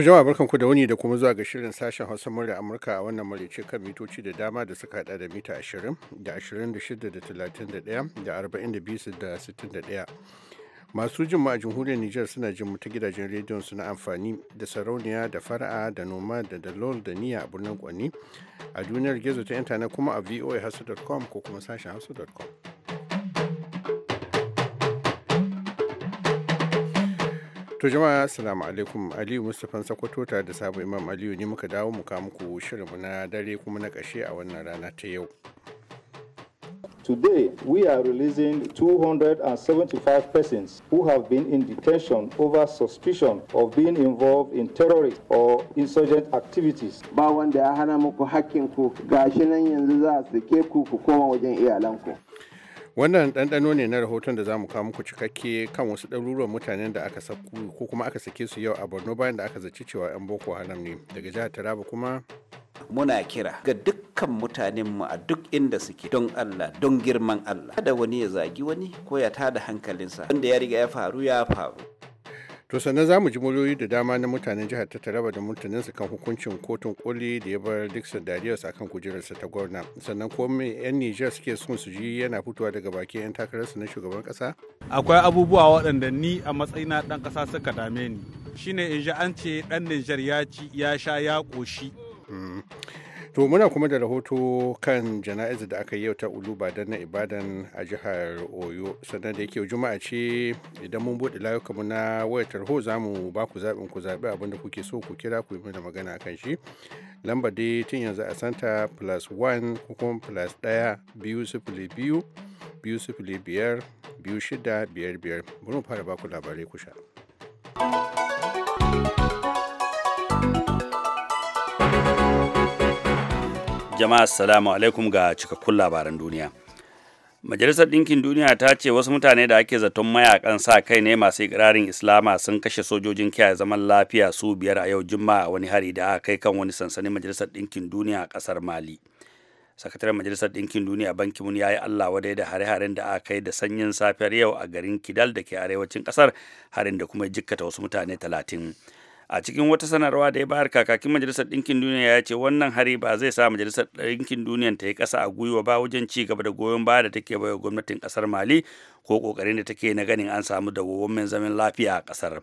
To jama'a ku da wani da kuma zuwa ga shirin sashen Hausa murya Amurka a wannan marece kan mitoci da dama da suka hada da mita 20 da 26 da 31 da 42 da 61. Masu jin ma a jamhuriyar Nijar suna jin mu ta gidajen rediyon su na amfani da sarauniya da fara'a da noma da dalol da niyya a birnin Kwani a duniyar gezo ta intanet kuma a voahasu.com ko kuma sashen hausa.com. To jama'a assalamu alaikum Aliyu Mustapha Sakwato tare da sabon Imam Aliyu ne muka dawo mu muku shirinmu na dare kuma na ƙashe a wannan rana ta yau. Today, we are releasing 275 persons who have been in detention over suspicion of being involved in terrorist or insurgent activities. Ba wanda ya hana muku hakkinku gashi nan yanzu za su ke ku ku koma wajen iyalanku. wannan ɗanɗano ne na rahoton da za mu kawo muku cikakke kan wasu ɗaruruwan mutanen da aka saku ko kuma aka sake su yau a borno bayan da aka zaci cewa 'yan boko haram ne daga jihar taraba kuma muna kira ga dukkan mutanenmu a duk inda suke don Allah don girman Allah kada wani ya zagi wani ko ya tada hankalinsa wanda ya riga ya faru ya faru to sannan za mu ji muryoyi da dama na mutanen jihar ta taraba da mutaninsu kan hukuncin kotun koli da ya bar dixon darius akan kujerarsa ta gwamna sannan ko me yan niger suke son su ji yana fitowa daga baki yan takararsu na shugaban kasa akwai abubuwa waɗanda ni a matsayina ɗan kasa suka dame ni shine in ji an ce ɗan niger ya ci ya sha ya ƙoshi mm. to muna kuma da rahoto kan jana'izar da aka yi yau ta uluba don na ibadan a jihar oyo sannan da yake juma'a ce idan mun buɗe layukanmu na wayar tarho za mu ba ku zaɓin ku zaɓi abin da kuke so ku kira ku yi mana magana kan shi lamba dai tun yanzu a santa plus one ko kuma plus ɗaya biyu sifili biyu biyu sifili biyar biyu shida biyar biyar mun mu fara ba ku labarai ku sha. jama'a assalamu alaikum ga cikakkun labaran duniya majalisar ɗinkin duniya ta ce wasu mutane da ake zaton mayakan sa kai ne masu ikirarin islama sun kashe sojojin kiyaye zaman lafiya su biyar a yau juma'a wani hari da aka kai kan wani sansanin majalisar ɗinkin duniya a ƙasar mali sakataren majalisar ɗinkin duniya banki mun ya yi allah wadai da hare-haren da aka kai da sanyin safiyar yau a garin kidal da ke arewacin kasar harin da kuma jikkata wasu mutane talatin a cikin wata sanarwa da ya bayar kakakin majalisar ɗinkin duniya ya ce wannan hari ba zai sa majalisar ɗinkin duniya ta yi ƙasa a gwiwa ba wajen ci gaba da goyon baya da take baiwa gwamnatin ƙasar mali ko ƙoƙarin da take na ganin an samu dawwammamin zaman lafiya a ƙasar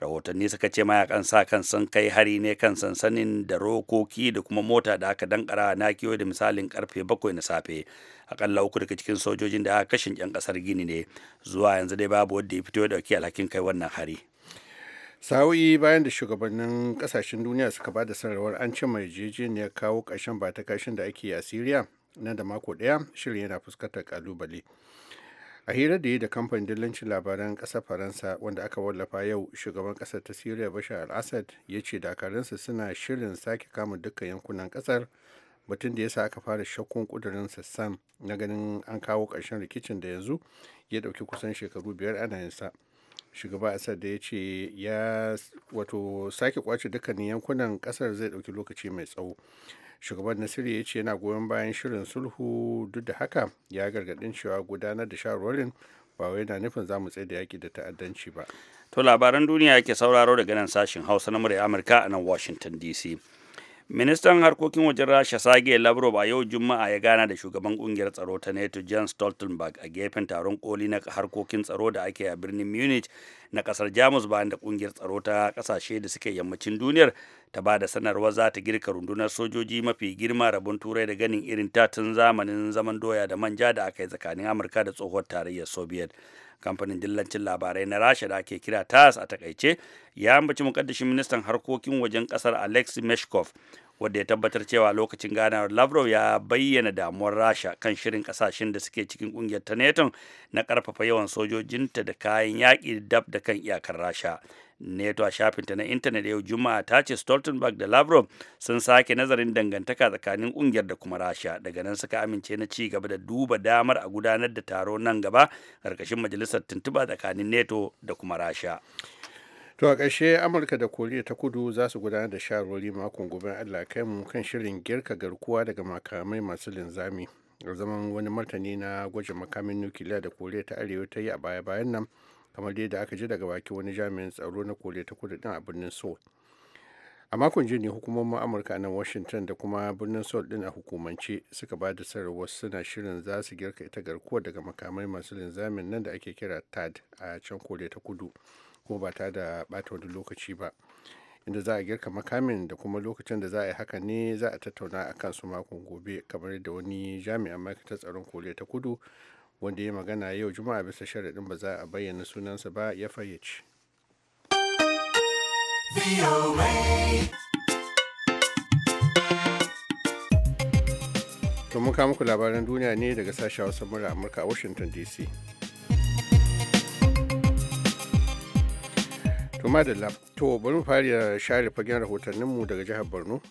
rahotanni suka ce mayakan sa kan sun kai hari ne kan sansanin da rokoki da kuma mota da aka dankara na kiyo da misalin karfe bakwai na safe akalla uku daga cikin sojojin da aka kashin yan kasar gini ne zuwa yanzu dai babu wanda ya fito ya dauki alhakin kai wannan hari sa'o'i bayan da shugabannin kasashen duniya suka ba da sanarwar an ce mai jejeniya kawo ƙarshen ba ta kashin da ake a syria nan da mako ɗaya shirin yana fuskantar kalubale a hira da yi da kamfanin dillancin labaran ƙasar faransa wanda aka wallafa yau shugaban ƙasar ta syria bashar al-assad ya ce dakarunsa suna shirin sake kama dukkan yankunan ƙasar batun da ya sa aka fara shakkun kudurin sassan na ganin an kawo karshen rikicin da yanzu ya ɗauki kusan shekaru biyar ana yinsa. sa shugaba asar da ya ce ya wato sake kwace dukkanin yankunan kasar zai dauki lokaci mai tsawo shugaban nasiru ya ce yana goyon bayan shirin sulhu duk da haka ya gargadin cewa gudanar da shawarwarin ba wai na nufin za mu tsaye da yaƙi da ta'addanci ba to labaran duniya yake sauraro daga nan sashen hausa na murya amurka a nan washington dc ministan harkokin wajen rasha sage lavrov a yau juma'a ya gana da shugaban kungiyar tsaro ta nato jan stoltenberg a gefen taron koli na harkokin tsaro da ake a birnin munich na kasar jamus bayan da kungiyar tsaro ta kasashe da suke yammacin duniyar ta ba da sanarwa za ta girka rundunar sojoji mafi girma rabon turai da ganin irin ta tun zamanin zaman doya da manja da aka yi tsakanin amurka da tsohuwar tarayyar soviet kamfanin dillancin labarai na rasha da ake kira tas a takaice ya ambaci mukaddashin ministan harkokin wajen kasar alex meshkov wadda ya tabbatar cewa lokacin ganawar lavrov ya bayyana damuwar rasha kan shirin kasashen da suke cikin kungiyar ta neto na karfafa yawan sojojinta da kayan yaƙi dab da kan iyakar rasha neto a shafinta na intanet yau juma'a ta ce stoltenberg da lavrov sun sake nazarin dangantaka tsakanin kungiyar da kuma rasha daga nan suka amince na ci gaba da duba damar a gudanar da taro nan gaba karkashin majalisar tuntuba tsakanin neto da kuma rasha to a ƙarshe amurka da koriya ta kudu za su gudanar da shawarwari makon gobe allah kai mu kan shirin girka garkuwa daga makamai masu linzami zaman wani martani na gwajin makamin nukiliya da koriya ta arewa ta yi a baya-bayan nan kamar dai da aka ji daga baki wani jami'in tsaro na kore ta kudu din a birnin seoul a makon jiya ne hukumomin amurka nan washington da kuma birnin seoul din a hukumance suka ba da sanarwar suna shirin za su girka ita garkuwa daga makamai masu linzamin nan da ake kira tad a can koriya ta kudu kuma ba ta da bata wani lokaci ba inda za a girka makamin da kuma lokacin da za a yi haka ne za a tattauna a su makon gobe kamar da wani jami'an ma'aikatar tsaron koriya ta kudu wanda ya magana yau juma'a bisa sharaɗin ba za a bayyana sunansa ba ya fayyace To muka muku labaran duniya ne daga sashen Hausa mura Amurka a Washington DC. To madalla, to bari mu fara share fagen rahotanninmu daga jihar Borno.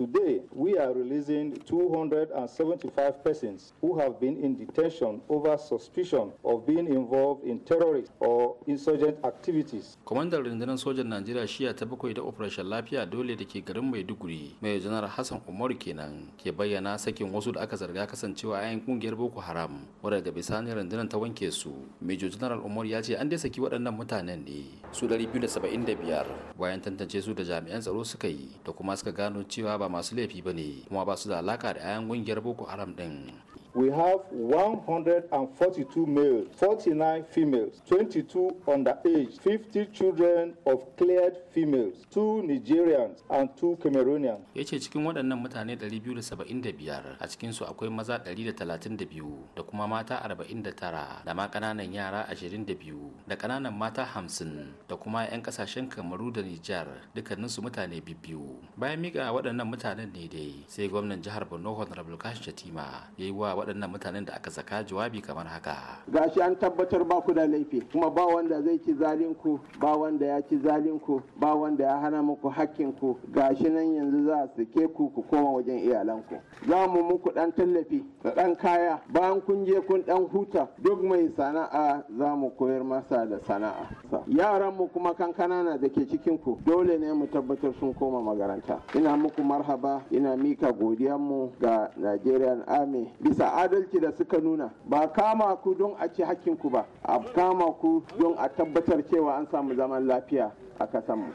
Today, we are releasing 275 persons who have been in detention over suspicion of being involved in terrorist or insurgent activities. Kwamandar rundunar sojan Najeriya shiya ta bakwai da operation lafiya dole da ke garin Maiduguri, mai janar Hassan Umaru kenan ke bayyana sakin wasu da aka zarga kasancewa 'yan kungiyar Boko Haram, wadda daga bisani rundunar ta wanke su. Major General Umaru ya ce an dai saki waɗannan mutanen ne su 275 bayan tantance su da jami'an tsaro suka yi da kuma suka gano cewa ba masu laifi ba ne kuma ba su da alaka da 'ya'yan gungiyar boko haram din we have 142 males, 49 females, 22 underage, 50 children of cleared females, 2 Nigerians and 2 Cameroonians. Ya ce cikin waɗannan mutane 275 a cikinsu akwai maza 132 da kuma mata 49 da ma ƙananan yara 22 da ƙananan mata 50 da kuma 'yan ƙasashen Kamaru da Nijar dukkaninsu mutane biyu. Bayan mika waɗannan mutanen ne dai sai gwamnan jihar Borno Honorable Kashi Shatima ya yi wa waɗannan mutanen da aka saka jawabi kamar haka gashi an tabbatar ba ku da laifi kuma ba wanda zai ci zalinku ba wanda ya ci zalinku ba wanda ya hana muku hakkin ku gashi nan yanzu za su ke ku ku koma wajen iyalanku za mu muku ɗan tallafi da ɗan kaya bayan kun je kun dan huta duk mai sana'a za mu koyar masa da sana'a yaran mu kuma kankana na da ke cikin ku dole ne mu tabbatar sun koma magaranta ina muku marhaba ina mika godiyanmu ga Nigerian Army bisa adalci da suka nuna ba kama ku don a ci hakkinku ba a kama ku don a tabbatar cewa an samu zaman lafiya a kasanmu.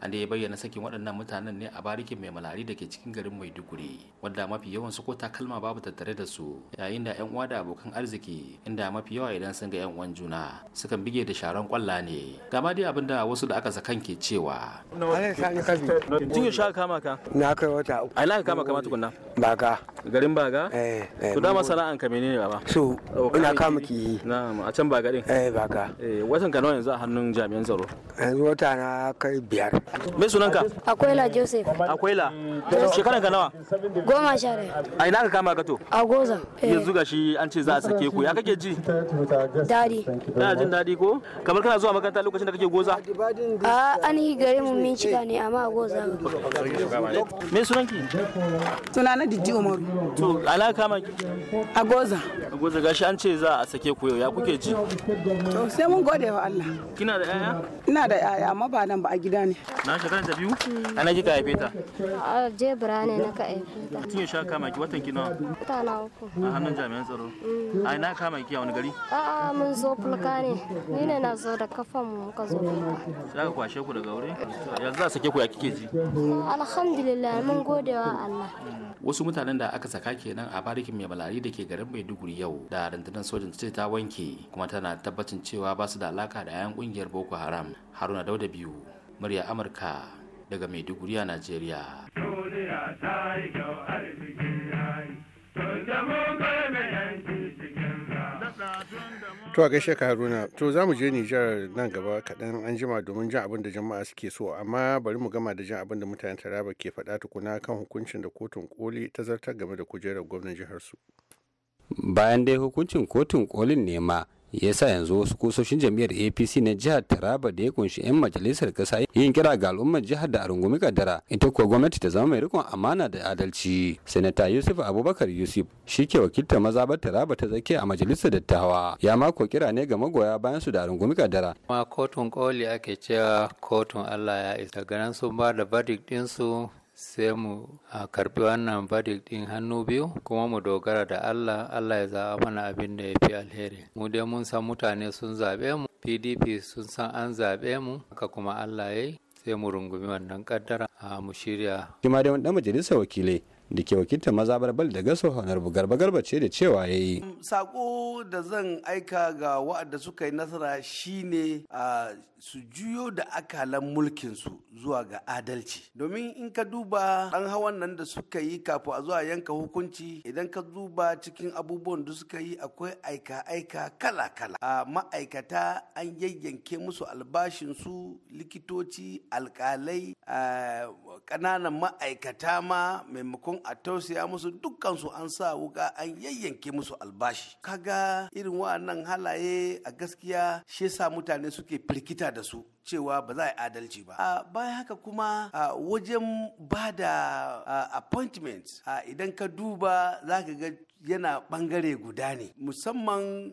an da ya bayyana sakin waɗannan mutanen ne a barikin mai malari da ke cikin garin maiduguri wadda mafi yawan su ko takalma babu tattare da su yayin da yan uwa da abokan arziki inda mafi yawa idan sun ga yan uwan juna sukan bige da sharan kwalla ne gama dai abinda wasu da aka sakan ke cewa jiya sha kama ka na kai wata uku ai na kama kama tukunna baga garin baga eh, eh to dama sana'an ka menene baba so oh, ina kama ki na'am a can baga din eh baga eh watan ka nawa yanzu a hannun jami'an tsaro yanzu wata na kai biyar Me sunanka? Akwaila Joseph. Akwaila. Shekaran ka nawa? Goma sha A ina ka kama gato? A Goza. Eh. Yanzu gashi an ce za a sake ku. Ya kake ji? Dadi. Kana jin dadi ko? Kamar kana zuwa makaranta lokacin da kake Goza? A an yi gare mu min cika ne amma a Goza. Me sunanki? Sunana Didi Umaru. To ala kama ki? A Goza. A Goza gashi an ce za a sake ku yau. Ya kuke ji? To sai mun gode wa Allah. Kina da 'ya'ya? Ina da 'ya'ya amma ba nan ba a gida ne. na shekaran ta biyu mm. na kika haife ta a jebra ne na ka haife ta tun sha kama ki watan ki nawa wata na uku a hannun jami'an tsaro mm. a ina kama ki a wani gari a mun zo fulka ne ni ne na zo da kafan mu ka zo fulka sai kwashe ku daga wuri yanzu a sake ku ya kike ji alhamdulillah mun gode wa Allah mm. wasu mutanen da aka saka kenan a barikin mai balari da ke garin Maiduguri yau da rundunar sojin ce ta wanke kuma tana tabbacin cewa ba su da alaka da 'yan kungiyar Boko Haram Haruna Dauda biyu murya amurka daga maiduguri a najeriya to a gaishe ka haruna to za mu je nijar nan gaba kaɗan an jima domin jan abin da jama'a suke so amma bari mu gama da jan abin da mutanen taraba ke faɗa tukuna kan hukuncin da kotun koli ta zartar game da kujerar gwamnan jihar su bayan dai hukuncin kotun kolin nema. ya sa yanzu wasu kusoshin jam'iyyar apc na jihar taraba da ya kunshi 'yan majalisar kasa yin kira ga al'ummar jihar da a rungumi kaddara ita kuwa gwamnati ta zama mai rikon amana da adalci sanata yusuf abubakar yusuf shi ke wakiltar mazabar taraba ta zake a majalisar dattawa ya mako kira ne ga magoya bayan su da a rungumi kaddara. Kuma kotun koli ake cewa kotun allah ya isa ganin sun ba da verdict ɗinsu sai mu karbi wannan verdict ɗin hannu biyu kuma mu dogara da Allah Allah ya zaɓa mana abin da ya fi alheri mu dai mun san mutane sun zaɓe mu PDP sun san an zaɓe mu haka kuma Allah ya yi sai mu rungumi wannan kaddara a mu shirya. Shi ma dai wani majalisar wakilai da ke wakiltar maza bal da gaso honar garba garba ce da cewa ya yi. sako da zan aika ga wa'anda suka yi nasara shine a su juyo da akalan mulkinsu zuwa ga adalci domin in ka duba an hawan nan da suka yi kafin a zuwa yanka hukunci idan ka duba cikin abubuwan da suka yi akwai aika-aika kala-kala a ma'aikata an yayyanke musu albashinsu likitoci alkalai ƙananan ma'aikata ma maimakon a tausaya musu dukkansu an sa wuka an yayyanke musu albashi kaga irin wa'annan halaye a gaskiya shi sa mutane suke firkita da su cewa ba za a yi adalci ba. a bayan haka kuma wajen ba da appointment idan ka duba za ka ga yana bangare guda ne musamman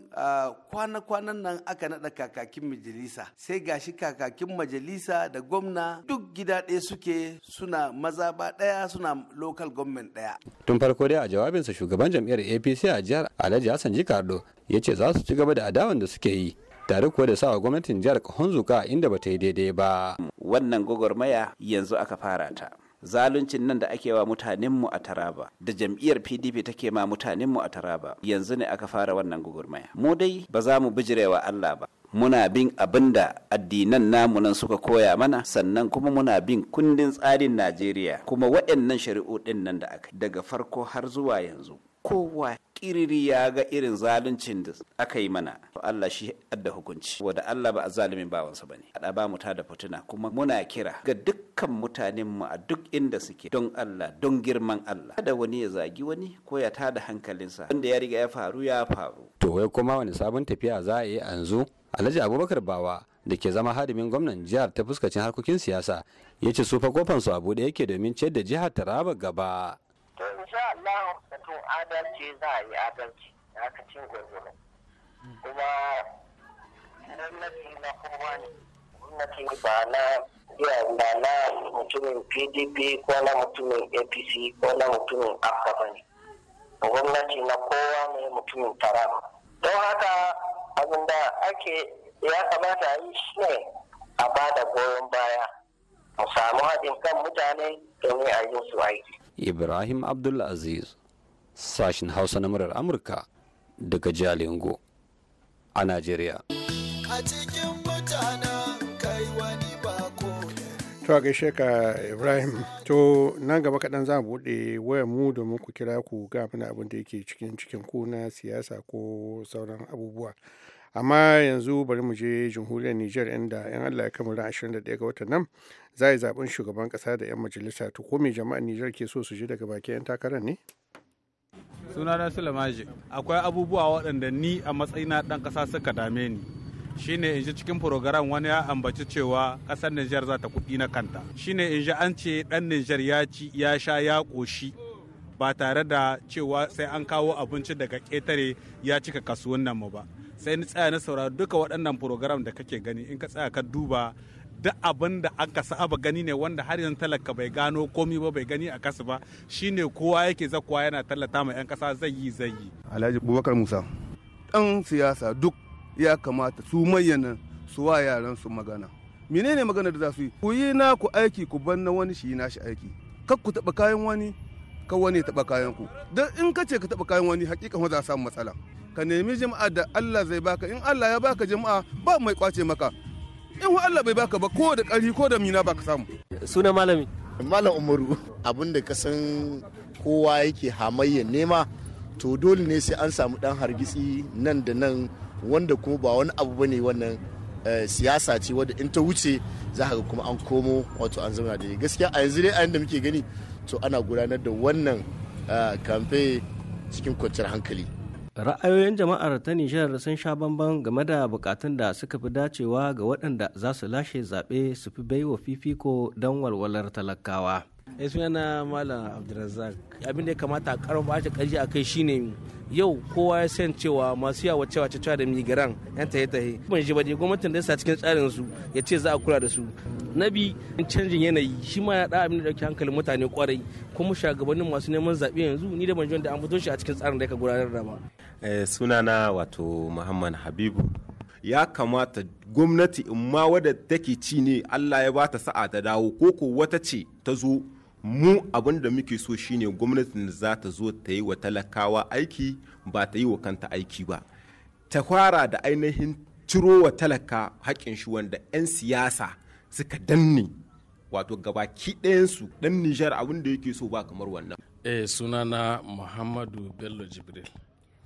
kwana-kwanan nan aka naɗa kakakin majalisa sai gashi kakakin majalisa da gwamna duk gida ɗaya suke suna maza ba ɗaya suna local government ɗaya tun farko dai a jawabinsa shugaban jam'iyyar apc a jihar alhaji hassan jikardo ya ce za su ci gaba da adawan da suke yi tare kuwa da sa sawa gwamnatin jihar honzuka inda ba ta yi daidai ba. Wannan gwagwarmaya yanzu aka fara ta. zaluncin nan da ake wa mutanenmu a taraba da jam'iyyar pdp take ma mutanenmu a taraba yanzu ne aka fara wannan gwagwarmaya. mu dai ba za mu bijirewa allah ba muna bin abin da addinan namu nan suka koya mana sannan kuma muna bin kundin tsarin najeriya kuma waɗannan shari'o'in nan da aka daga farko har zuwa yanzu kowa kiriri ya ga irin zaluncin da aka yi mana To Allah shi adda hukunci wanda Allah ba a zalumin bawansa bane ada ba mu da fituna kuma muna kira ga dukkan mutanen mu a duk inda suke don Allah don girman Allah kada wani ya zagi wani ko ya tada hankalinsa wanda ya riga ya faru ya faru to wai kuma wani sabon tafiya za a yi yanzu Alhaji Abubakar Bawa da ke zama hadimin gwamnan jihar ta fuskacin harkokin siyasa ya ce su fa kofan su a buɗe yake domin ciyar da jihar Taraba gaba. to adalci za a yi adalci aka cin gwargwaro kuma gwamnati na kowa ne gwamnati ba na ba na mutumin pdp ko na mutumin apc ko na mutumin afka ba ne gwamnati na kowa ne mutumin ba don haka da ake ya kamata a yi shi ne a ba da goyon baya mu samu haɗin kan mutane domin a yi su aiki ibrahim abdulaziz sashen hausa na murar amurka daga jalingo a najeriya cikin mutanen kai to a gaishe ka ibrahim to nan gaba kaɗan za mu buɗe wayan mu domin ku kira ku ga mana abin da yake cikin cikin ku na siyasa ko sauran abubuwa amma yanzu bari mu je jamhuriyar niger inda yan allah ya kamar 21 ga watan nan za a yi zaben shugaban ƙasa da yan majalisa to ko me jama'ar niger ke so su je daga bakin yan takarar ne sunana sulamaji akwai abubuwa waɗanda ni a matsayina ɗan ƙasa suka dame ni shine in ji cikin program wani ya ambaci cewa ƙasar Nijar za ta kuɗi na kanta shine in ji an ce ɗan Nijar ya ci ya sha ya ƙoshi ba tare da cewa sai an kawo abinci daga ƙetare ya cika kasuwan nan mu ba sai ni tsaya na saurari duka waɗannan program da kake gani in ka tsaya ka duba duk abin da aka saba gani ne wanda har yanzu talaka bai gano komi ba bai gani a kasu ba shine kowa yake zakuwa yana tallata ma 'yan kasa zai yi zai yi alhaji bubakar musa dan siyasa duk ya kamata su mayyana su wa yaran su magana menene magana da za su yi ku yi naku aiki ku ban na wani shi nashi aiki kar ku taba kayan wani ka wani taba kayan ku dan in ka ce ka taba kayan wani hakika za samu matsala ka nemi jama'a da Allah zai baka in Allah ya baka jama'a ba mai kwace maka in Allah bai baka ba ko da ƙari ko da mina baka samu suna malami malam umaru abin da kasan kowa yake hamayya nema to dole ne sai an samu dan hargitsi nan da nan wanda kuma ba wani abu bane wannan eh, siyasa ce wadda in ta wuce za ka kuma an komo wato an zauna da gaskiya a yanzu dai a yanda muke gani to ana gudanar da wannan eh, kamfe cikin kwanciyar hankali ra'ayoyin jama'ar ta nijar sun sha bamban game da bukatun da suka fi dacewa ga waɗanda za su lashe zaɓe su fi baiwa fifiko don walwalar talakawa ya eh, na malam abdulrazak abin da ya kamata a karo ake karji a kai shine yau kowa ya san cewa masu yawa cewa cewa da migiran yan tahe tahe ban ji baje gwamnatin da sa cikin tsarin su ya ce za a kula da su na bi canjin yanayi shi ma ya da abin da dauki hankalin mutane kwarai kuma shugabannin masu neman zaɓe yanzu ni da ban ji da an fito shi a cikin tsarin da ya gudanar da ba eh, sunana wato muhammad habibu ya kamata gwamnati in ma wadda take ci ne Allah ya ba ta sa'a ta dawo ko ko wata ce ta zo mu abin da muke so shine gwamnatin za ta zo ta yi wa talakawa aiki ba ta yi wa kanta aiki ba ta fara da ainihin ciro wa talaka haƙƙin shi wanda 'yan siyasa suka danne wato gabaki ɗayansu ɗan nijar abin da yake so ba kamar wannan eh sunana muhammadu bello jibril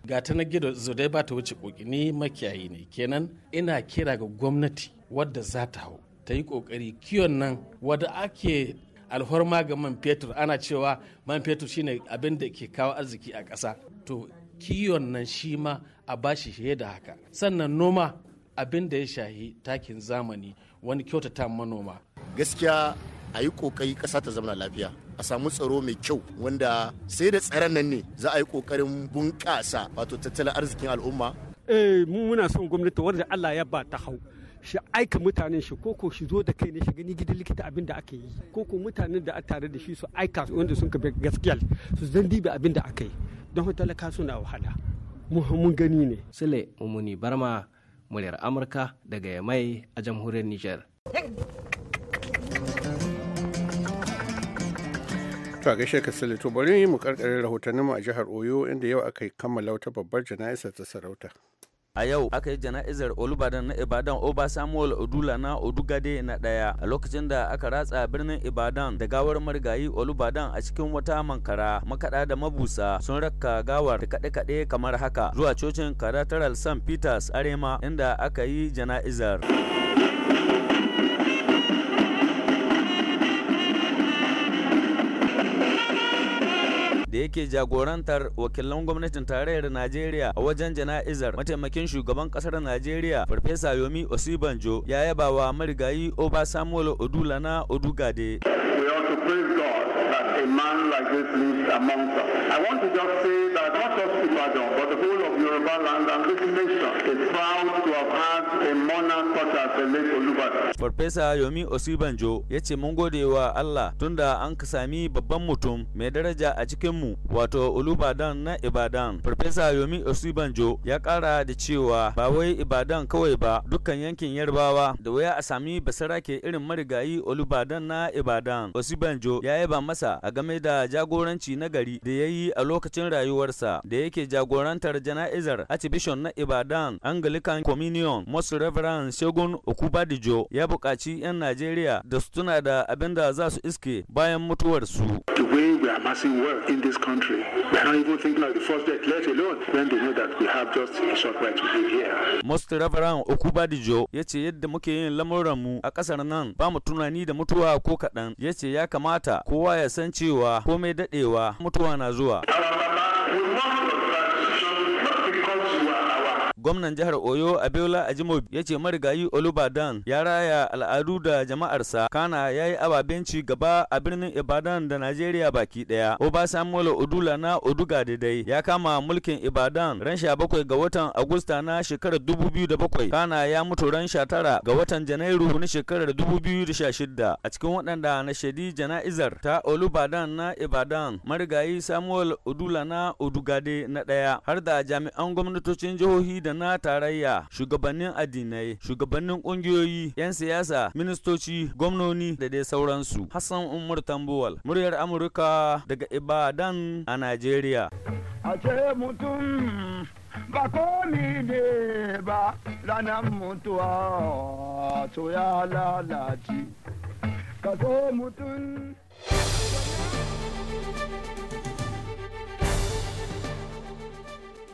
ga ta na gido zodai ba ta wuce koki ni makiyayi ne kenan ina kira ga gwamnati wadda za ta hau ta yi kokari kiyon nan wadda ake alhorma ga man fetur ana cewa man fetur shine abin da ke kawo arziki a ƙasa to kiyon nan shi ma a bashi shi da haka sannan noma abin da ya shahi takin zamani wani kyautata manoma gaskiya a yi kokari ƙasa ta zama lafiya a samu tsaro mai kyau wanda sai da tsaron nan ne za a yi kokarin bunƙasa wato tattalin arzikin al'umma eh mu muna son gwamnati wanda Allah ya ba ta hau shi aika mutanen shi koko shi zo da kai ne shi gani gidan likita abin da aka yi koko mutanen da a tare da shi su aika wanda sun kabe gaskiya su zan dibe abin da aka yi don talaka suna wahala mun gani ne sule umuni barma muryar amurka daga yamai a jamhuriyar niger To a gaishe ka to bari mu karkarin rahotanninmu a jihar Oyo inda yau aka kammala wata babbar jana'izar ta sarauta. a yau aka yi jana'izar olubadan na ibadan oba samuel odula na odugade na daya a lokacin da aka ratsa birnin ibadan da gawar marigayi olubadan a cikin wata mankara makada da mabusa sun raka gawar da kade kaɗe kamar haka zuwa cocin kadataral san peters arema inda aka yi jana'izar da yake jagorantar wakilan gwamnatin tarayyar Najeriya a wajen jana'izar mataimakin shugaban kasar Najeriya Farfesa Yomi Osibanjo ya yaba wa marigayi Oba Samuel Odulana Odugade. We to praise God. a man like this lives amongst us. I want to just say that not just Ibadan, but the whole of Yoruba land and this nation is proud to have had a monarch such as the late Olubada. Farfesa Yomi Osibanjo ya ce mun gode wa Allah tunda an ka sami babban mutum mai daraja a cikin mu wato Olubadan na Ibadan. Farfesa Yomi Osibanjo ya kara da cewa ba wai Ibadan kawai ba dukkan yankin Yarbawa da waya a sami ke irin marigayi Olubadan na Ibadan. Osibanjo ya yaba masa a game da jagoranci na gari da ya yi a lokacin rayuwarsa da yake jagorantar jana'izar Archbishop na Ibadan Anglican Communion Most Reverend Shegun Okubadijo ya buƙaci 'yan Najeriya da su tuna da abin da za su iske bayan mutuwarsu. The way Most Reverend Okubadijo ya ce yadda muke yin lamuranmu a ƙasar nan ba mu tunani da mutuwa ko kaɗan ya ce ya kamata kowa ya san cewa komai daɗewa mutuwa na zuwa. gwamnan jihar oyo abiola ajimobi ya ce marigayi olubadan ya raya al'adu da jama'arsa kana ya yi ababen ci gaba a birnin ibadan da najeriya baki daya obasanmola odula na oduga dai ya kama mulkin ibadan ran sha bakwai ga watan agusta na shekarar dubu biyu da bakwai kana ya mutu ran sha tara ga watan janairu na shekarar dubu biyu da sha shida a cikin waɗanda na shaidi jana'izar ta olubadan na ibadan marigayi samuel odula na odugade na ɗaya har da jami'an gwamnatocin jihohi da da tarayya shugabannin addinai shugabannin kungiyoyi 'yan siyasa ministoci gwamnoni da dai sauransu hassan umar tambuwal muryar amurka daga ibadan a najeriya a ce mutum ba komi ne ba ranar mutuwa to ya lalace ka so mutum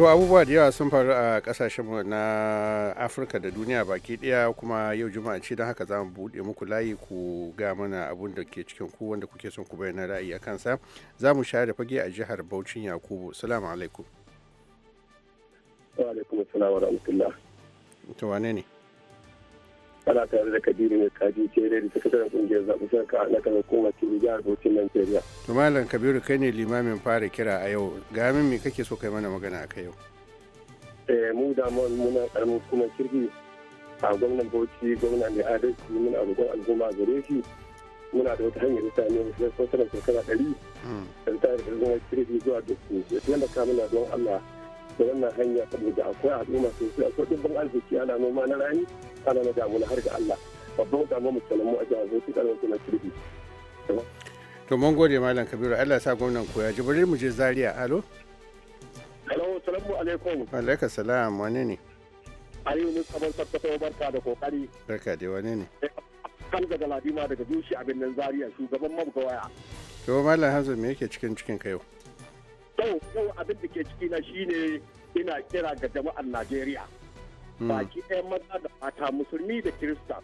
to abubuwa da yawa sun faru a kasashen na afirka da duniya baki daya kuma yau juma'a ce don haka za mu buɗe muku layi ku ga mana abun da ke cikin ku wanda kuke son ku bayyana ra'ayi a kansa za mu share fage a jihar bauchin yakubu salamu alaikum wa alaikum assalam wa to wane ne Ala tare da Kabiru mai kaji ce da sakataren kungiyar zaɓi sarka na kan hukumar TV jihar Bauchin Najeriya. To Malam Kabiru kai ne limamin fara kira a yau. Ga min me kake so kai mana magana a kai yau? Eh mu da mun muna karamin hukumar kirki a gwamnan Bauchi gwamna mai adalci muna roƙon al'umma gare shi muna da wata hanyar ta ne wasu shekara ɗari. Dan ta da kirki zuwa da ya taimaka mana don Allah da wannan hanya saboda akwai al'umma sosai akwai dubban arziki ana noma na rani ana na damu na har ga Allah babban damu mu kenan mu a jihar Bauchi da na Kirbi. To mun gode Malam Kabiru Allah ya sa gwamnan koya. ya ji bari mu je Zaria alo. Alo salamu alaikum. alaikum salam wane ne? Aliyu ne kamar tattafa barka da kokari. Barka da wane ne? Kan daga Ladima daga Jushi a nan Zaria shugaban mabgawaya waya. To Malam Hamza me yake cikin cikin ka yau? yau ko abin da ke ciki na shine ina kira ga jama'ar najeriya hmm. baki ɗaya maza da mata musulmi da kirista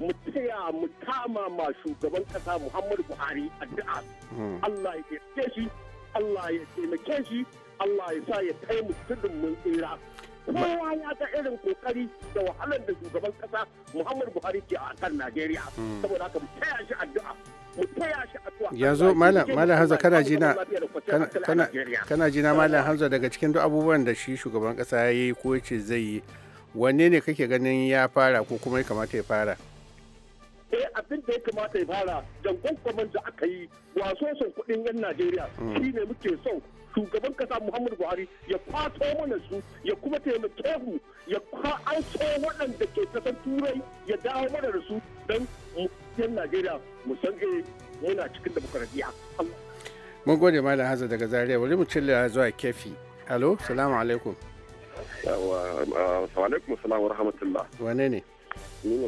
mu taya mu kama ma shugaban kasa muhammadu buhari addu'a hmm. allah ya taimake shi allah ya taimake shi allah ya sa ya kai mu tudun mun tsira kowa ya ga irin kokari da wahalar da shugaban kasa muhammadu buhari ke a kan najeriya hmm. saboda haka mu taya shi addu'a yanzu malam hanzo kana jina kana malam hanzo daga cikin duk abubuwan da shi shugaban kasa ya yi ko ce zai yi wanne ne kake ganin ya fara ko kuma ya kamata ya fara eh abin da ya kamata ya fara jangon kwaman da aka yi waso hmm. son kudin yan najeriya shine muke so shugaban kasa muhammadu buhari ya kwato mana su ya kuma taimake mu ya kwa an so waɗanda ke kasar turai ya dawo mana da su don yan najeriya mu san eh, yana cikin demokaradiyya mun gode malam haza daga zaria wuri mu cilla zuwa kefi alo salamu alaikum yawa uh, alaikum salamu wa rahmatullah wane ne ni ne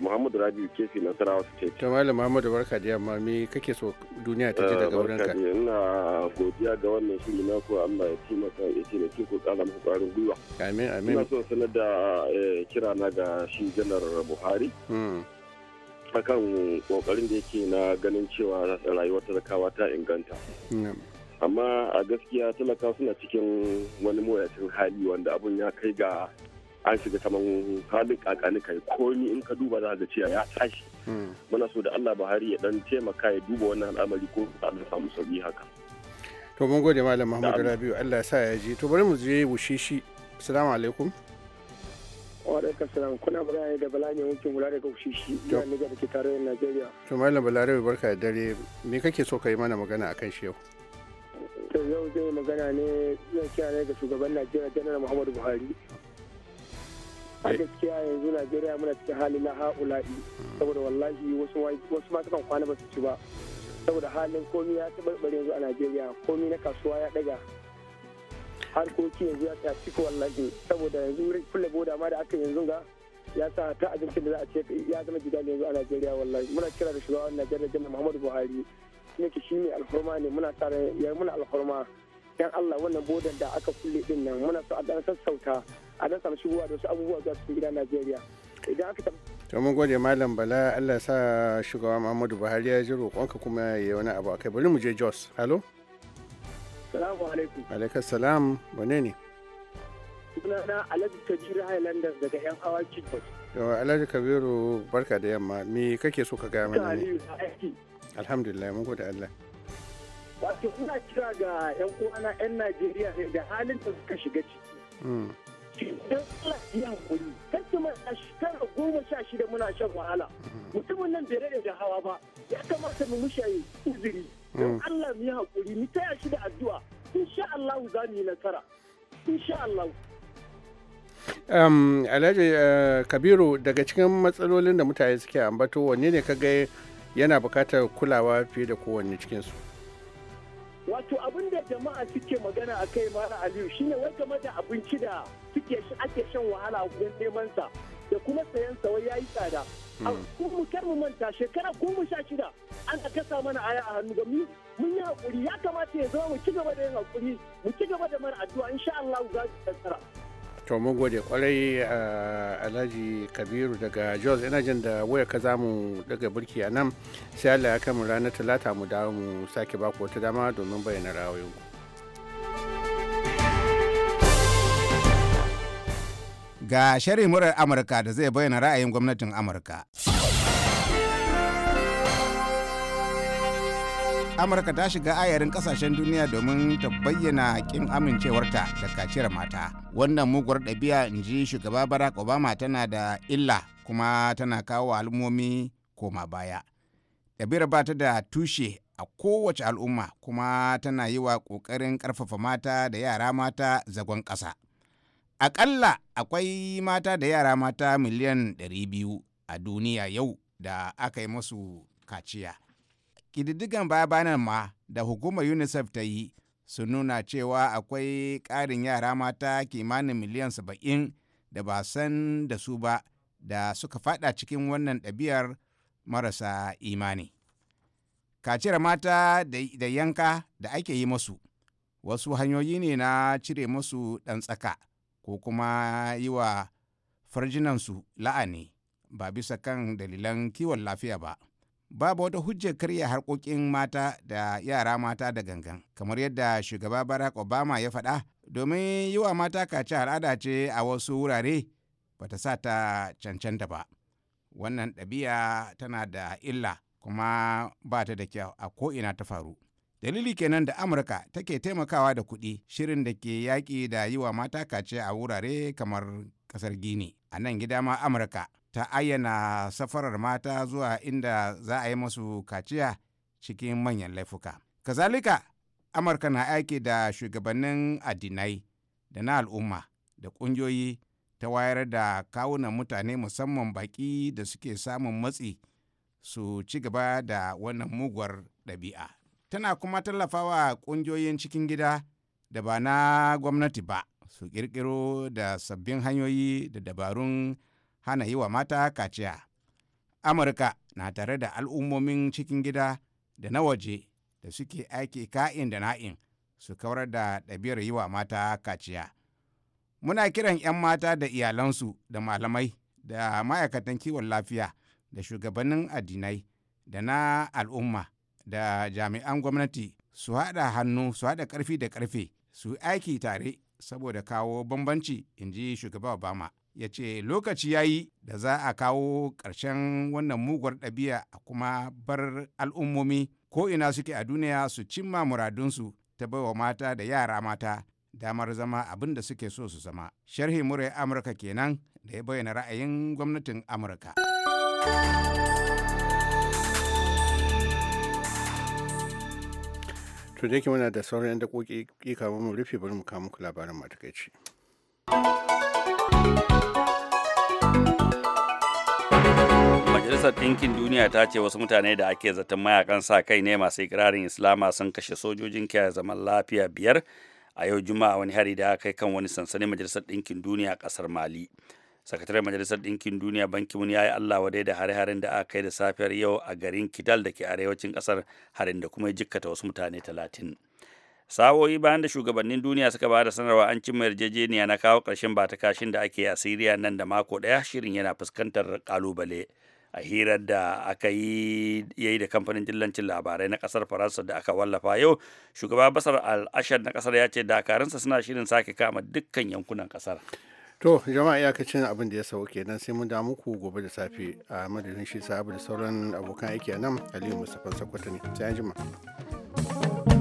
muhammadu rabiu kefi na sarawa su ce to malam muhammadu barka da yamma me kake so duniya ta ji uh, daga wurin ka ina godiya ga wannan shiri na ku Allah ya ci maka ya ci da ki ku kara muku ƙwarin gwiwa amin amin ina so sanar da uh, kira na ga shi janar buhari hmm. akan kokarin da yake na ganin cewa rayuwar talakawa ta inganta amma a gaskiya talaka suna cikin wani moyacin hali wanda abun ya kai ga an shiga saman halin kakani kai komi in ka duba za ga cewa ya tashi hmm. muna so da allah buhari ya dan taimaka ya duba wannan al'amari ko a samu sauki haka to mun gode malam muhammadu rabiu allah ya sa ya ji to bari mu je bushe shi assalamu alaikum Wadatar salam kuna magana da Bala ne wankin wula daga Ushishi na niga da ke tarayyar Najeriya. To Malam Balarabe barka da dare me kake so ka yi mana magana kan shi yau? To yau zai magana ne zan kira ne ga shugaban Najeriya Janar Muhammadu Buhari. a eh. gaskiya yanzu najeriya muna cikin hali na ha'ula'i hmm. saboda wallahi wasu ma kan kwana ba su ci ba saboda halin komi ya taɓarɓare yanzu a najeriya komi na kasuwa ya ɗaga harkoki yanzu ya tsaya ciki wallahi saboda yanzu kulle boda ma da aka yanzu ga ya sa ta abincin da za a ce ya zama gida yanzu a Najeriya wallahi muna kira da shugaban Najeriya jami' Muhammadu Buhari yake shi ne alfarma ne muna tare ya muna alfarma dan Allah wannan bodan da aka kulle din nan muna so a dan sassauta a dan samu shigowa da wasu abubuwa da su gida Najeriya idan aka to mun gode malam bala Allah sa shugaba Muhammadu Buhari ya ji roƙonka kuma ya yi wani abu akai bari mu je Jos hello Salamu alaikum. salam, wane ne? na Alhaji Kabiru Highlanders daga 'yan hawa Kibbutz. Yau, Alhaji Kabiru barka da yamma, me kake so ka gaya mana ne? Alhamdulillah, mun gode Allah. Wato kuna kira ga 'yan uwana 'yan Najeriya ne da halin da suka shiga ciki. Don hmm. Allah ya hankali, kasuma a shekara goma sha shida muna shan wahala. Hmm. Mutumin nan bai rage da hawa ba, ya kamata mu mushaye uziri. Mm. don Allah mu yi hakuri mu taya shi da addu'a insha Allah za mu yi nasara insha Allah um, alhaji uh, kabiru daga cikin matsalolin da mutane suke ambato wanne ne ka ga yana bukatar kulawa fiye da kowanne cikin su wato abin da jama'a suke magana a kai mara aliyu shine wai game da abinci da suke ake shan wahala wajen neman sa da kuma sayan sa wai yi tsada hmm. mu kar mu manta shekara goma sha shida ana kasa mana aya a hannu gami mun yi hakuri ya kamata ya zama mu ci gaba da yin hakuri mu ci gaba da mara addu'a insha Allah za su tattara. to mun gode kwarai alhaji kabiru daga jos ina jin da waya ka za mu daga birki a nan sai allah ya kama ranar talata mu dawo mu sake baku wata dama domin bayyana rawayinku Ga shari murar Amurka da zai bayyana ra'ayin gwamnatin Amurka. Amurka ta shiga ayarin kasashen duniya domin ta bayyana kin amincewarta da kaciyar mata. Wannan muguwar ɗabi'a in ji shugaba Barack Obama tana da illa kuma tana kawo al'ummomi koma baya. Ɗabi'ar ba ta da tushe a kowace al'umma kuma tana yi wa ƙoƙarin ƙarfafa mata da yara mata zagon ƙasa. akalla akwai mata da yara mata miliyan 200 a duniya yau da aka yi masu kaciya. Ƙididdigan baya ma da hukumar UNICEF ta yi sun nuna cewa akwai ƙarin yara mata kimanin miliyan 70 da ba san da su ba da suka fada cikin wannan ɗabi'ar marasa imani. Kaciyar mata da yanka da ake yi masu, wasu hanyoyi ne na cire masu ɗan tsaka. ko kuma yi wa farjinansu la'ani ba bisa kan dalilan kiwon lafiya ba. Babu wata hujjar karya harkokin mata da yara mata da gangan, kamar yadda shugaba Barack Obama ya faɗa, domin yi wa mata kaci al'ada ce a wasu wurare ba ta sa ta cancanta ba. Wannan ɗabi'a tana da illa kuma ba ta da kyau a ko'ina ta faru. dalili kenan da amurka take taimakawa da kuɗi shirin da ke yaƙi da yi wa mata kace a wurare kamar ƙasar gini a nan gida ma amurka ta ayyana safarar mata zuwa inda za a yi masu kaciya cikin manyan laifuka kazalika amurka na aiki da shugabannin addinai da na al'umma da ƙungiyoyi ta wayar da kawunan mutane musamman baƙi da suke samun matsi su ci gaba da wannan muguwar ɗabi'a tana kuma tallafawa ƙungiyoyin cikin gida da ba na gwamnati ba su ƙirƙiro da sabbin hanyoyi da dabarun hana yi wa mata kaciya. Amurka na tare da al'ummomin cikin gida da na waje da suke aiki ka'in da na'in su kawar da ɗabi'ar yi wa mata kaciya. Muna kiran 'yan mata da iyalansu da malamai da ma'aikatan kiwon lafiya da shugabannin addinai da na al'umma da jami'an gwamnati su haɗa hannu su haɗa ƙarfi da ƙarfe su aiki tare saboda kawo bambanci in ji shugaba obama ya ce lokaci ya yi da za a kawo ƙarshen wannan muguwar ɗabi'a a kuma bar al'ummomi ko ina suke a duniya su cimma muradunsu ta baiwa mata da yara mata damar zama abin da suke so su zama. Sharhi murai Amurka kenan da ya bayyana ra'ayin gwamnatin Amurka. to da yake muna da sauran da koki kika mu rufe bari mu kawo muku labarin matakaici Majalisar Ɗinkin Duniya ta ce wasu mutane da ake zaton mayakan sa kai ne masu ikirarin Islama sun kashe sojojin kiyaye zaman lafiya biyar a yau Juma'a wani hari da aka kai kan wani sansanin Majalisar Ɗinkin Duniya a ƙasar Mali. sakataren majalisar ɗinkin duniya bankin ya yi allah wadai da hare-haren da aka kai da safiyar yau a garin kidal da ke arewacin ƙasar harin da kuma jikkata wasu mutane talatin sawoyi bayan da shugabannin duniya suka ba da sanarwa an cimma yarjejeniya na kawo ƙarshen bata kashin da ake a siriya nan da mako ɗaya shirin yana fuskantar ƙalubale a hirar da aka yi yayi da kamfanin dillancin labarai na kasar faransa da aka wallafa yau shugaba basar al na kasar ya ce dakarunsa suna shirin sake kama dukkan yankunan kasar To jama'a iyakacin abin da ya sauke kenan sai mun da muku gobe da safe a madadin shi sabu da sauran abokan aiki a nan Aliyu Mustapha Sokoto ne sai an jima.